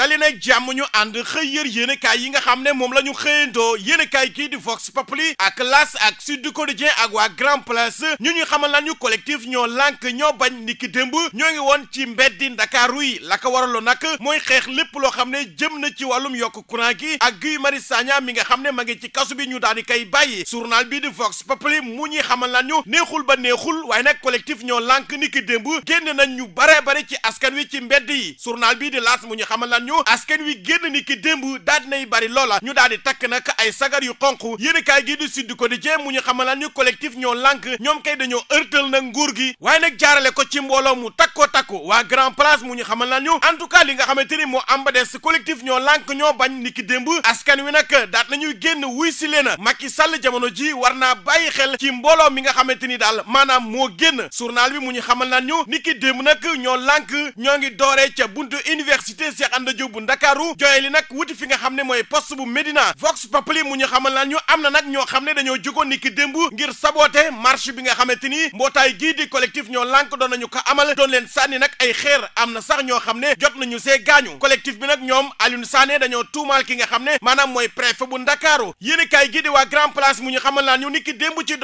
dali nag jàmm ñu ànd xëy yër yéenekaay yi nga xam ne moom la ñu xëyandoo yéenekaay kii di Vox Populi ak L'As ak Sud Quotidien ak waa Grand Place ñu ñu xamal nañu collectif ñoo lànk ñoo bañ niki démb ñoo ngi woon ci mbeddi Ndakaaru yi la ko waraloon nag mooy xeex lépp loo xam ne jëm na ci wàllum yokk courant gi ak Guy Marius Sagna mi nga xam ne ma ngi ci kasu bi ñu daal di koy bàyyi journal bii di Vox Populi mu ñuy xamal nañu neexul ba neexul waaye nag collectif ñoo lànk niki démb génn nañ ñu bare bare ci askan wi ci mbedd yi journal bii di L'As mu ñu xamal nañu ñu askan wi génn ni ki démb daal dinay bari loola ñu daal di takk nag ay sagar yu xonq yéenekaay gii di Sud Quotidien mu ñu xamalaan ñu collectif ñoo lànk ñoom kay dañoo ërtal nag nguur gi waaye nag jaarale ko ci mbooloo mu takko takko waa Grand Place mu ñu xamalaan ñu en tout cas li nga xamante ni moo am ba des collectif ñoo lànk ñoo bañ ni ki démb askan wi nag daat nañuy génn wuy si leena Macky Sall jamono ji war naa bàyyi xel ci mbooloo mi nga xamante ni daal maanaam moo génn journal bi mu ñu xamal naan ñu ni ki démb nag ñoo lànk ñoo ngi dooree ca buntu université Cheikh Diop bu Ndakaaru jooye li nag wuti fi nga xam ne mooy poste bu Médina Vox Populi mu ñu xamal ñu am na nag ñoo xam ne dañoo jógoon ni ki démb ngir saboter marche bi nga xamante ni mbootaay gii di collectif ñoo lànk doon nañu ko amal doon leen sànni nag ay xeer am na sax ñoo xam ne jot nañu see gaañu collectif bi nag ñoom Alioune Sané dañoo tuumaal ki nga xam ne maanaam mooy préfet bu Ndakaaru yéenekaay gii di waa Grand Place mu ñu xamal lan ñu démb ci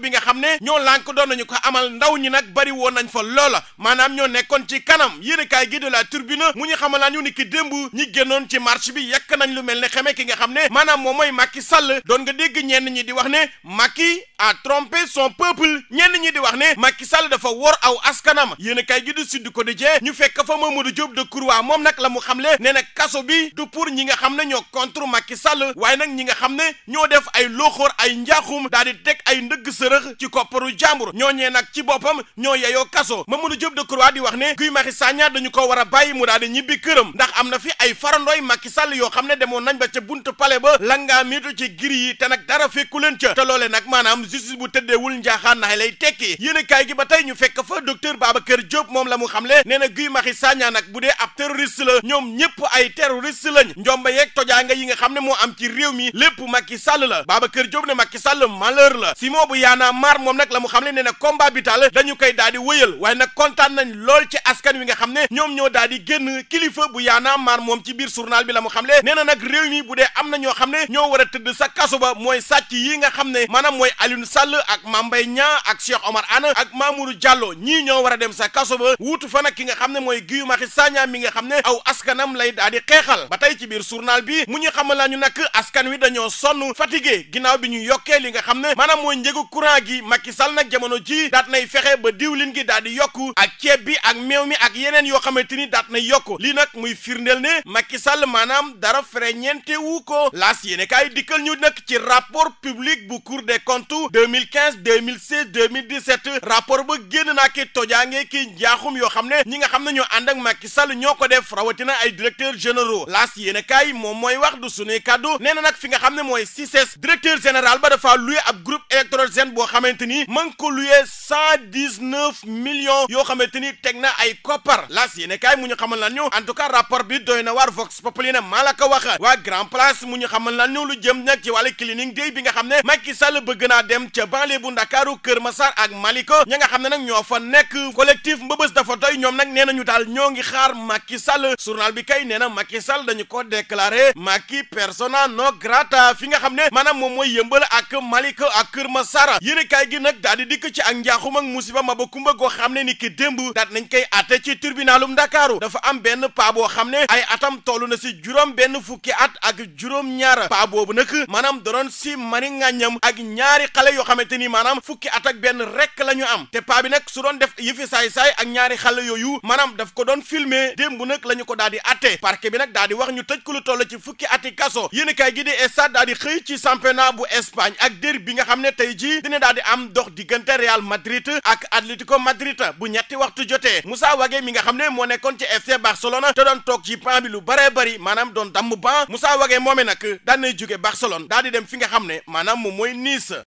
bi nga xam ne ñoo lànk doon ko amal ndaw ñi nag bari woon nañ fa loola maanaam ñoo nekkoon ci kanam yéenekaay gii de la démb ñi génnoon ci marche bi yàq nañ lu mel ne xamee ki nga xam ne maanaam moom mooy Macky Sall doon nga dégg ñenn ñi di wax ne Macky a trompé son peuple ñenn ñi di wax ne Macky Sall dafa wor aw askanam yéen a kaay gi du Sud Quotidien ñu fekk fa Mamadou Diop Decroix moom nag la mu xamle nee na kaso bi du pour ñi nga xam ne ñoo contre Macky Sall waaye nag ñi nga xam ne ñoo def ay looxoor ay njaaxum daal di teg ay ndëgg sërëx ci kopparu jàmbur ñooñee nag ci boppam ñoo yeyoo kaso Mamadou Diop Decroix di wax ne Guy Marius Sagna dañu ko war a bàyyi mu daal ñibbi këram ndax am na fi ay farandooy makki Sall yoo xam ne demoon nañ ba ca bunt pale ba langaa miitu ci giri yi te nag dara fekku leen ca te loole nag maanaam justice bu tëddeewul njaaxaan naay lay tekki yéen gi ba tey ñu fekk fa baaba kër Diop moom la mu xamle nee na Guy Marius Sagna nag bu dee ab terroriste la ñoom ñëpp ay terroriste lañ njomba yeeg tojaanga yi nga xam ne moo am ci réew mi lépp Macky Sall la kër Diop ne Macky Sall malheur la Simon bu yaanaa maar moom nag la mu xam ne nee na combat bi daal dañu koy daal di wëyal waaye nag kontaan nañ lool ci askan wi nga xam ne ñoom ñoo daal di génn kilifa bu yaanaa Amar moom ci biir bi la mu xamle xam ne ñoo a tëdd sa kaso ba mooy sàcc yi nga xam mooy Alioune Sall ak Mame Mbaye ak Cheikh Omar Anne ak Mamour Diallo dem sa kaso ba wuutu fa nag ki nga xam ne mooy Guy Marius Sagna mi nga xam ne aw askanam lay daal di xeexal ba tey ci biir journal bi mu ñu xamal la ñu nag askan wi dañoo sonn fatigué ginnaaw bi ñu yokkee li nga xam ne maanaam mooy njëgu courant gi Macky Sall nag jamono ji daat nay fexe ba diwlin gi daal di yokku ak ceeb bi ak meew mi ak yeneen yoo xamante ni daat nay yokk lii nag muy firnde firndeel ne Macky Sall maanaam dara fereñeente wu ko laas yéene kaay dikkal ñu nag ci rapport public bu cour des comptes 2015 2016 2017 rapport ba génn naa ki tojaange ki njaaxum yoo xam ne ñi nga xam ne ñoo ànd ak Macky Sall ñoo ko def rawatina ay directeurs généraux laas yéene kaay moom mooy wax du sunuy kàddu nee na nag fi nga xam ne mooy CICES directeur général ba dafa luye ab groupe électrogène boo xamante ni ma ngi ko luye cent dix neuf yoo xamante ni teg na ay koppar laas yéene bi doy na waar vox populi ne maa la ko wax waa grand place mu ñu xamal la ñu lu jëm nag ci wàllu cleaning day bi nga xam ne Macky Sall bëgg naa dem ca banlieue bu Ndakaaru Kër Massar ak Maliko ña nga xam ne nag ñoo fa nekk collectif mbëbës dafa doy ñoom nag nee nañu daal ñoo ngi xaar Macky Sall journal bi kay nee na Macky Sall dañu ko déclaré Macky persona non grata fi nga xam ne maanaam moom mooy yëmbal ak Maliko ak Kër ma Massar yéene kaay gi nag daal di dikk ci ak njaaxum ak musiba ma ba kumba goo xam ne ni ki démb daal nañ koy atte ci tribunalum dafa am benn pa boo ne ay atam toll na si juróom benn fukki at ak juróom-ñaar paa boobu nag maanaam doroon si mari ngàññam ak ñaari xale yoo xamante ni maanaam fukki at ak benn rek la ñu am te paa bi nag su doon def fi saay-saay ak ñaari xale yooyu maanaam daf ko doon filmer démb nag la ñu ko daal di atte parquet bi nag daal di wax ñu tëj ko lu toll ci fukki ati kaso yéen kaay gi di Stades daal di xëy ci championnat bu Espagne ak der bi nga xam ne tey jii dina daal di am dox diggante Real Madrid ak Atlético Madrid bu ñetti waxtu jotee Moussa Wagué mi nga xam ne moo nekkoon ci FC Barcelona te ji ci banc bi lu bëree bëri maanaam doon damm banc Moussa Wagué moomee na daan nay jóge Barcelone daal di dem fi nga xam ne maanaam moom mooy Nice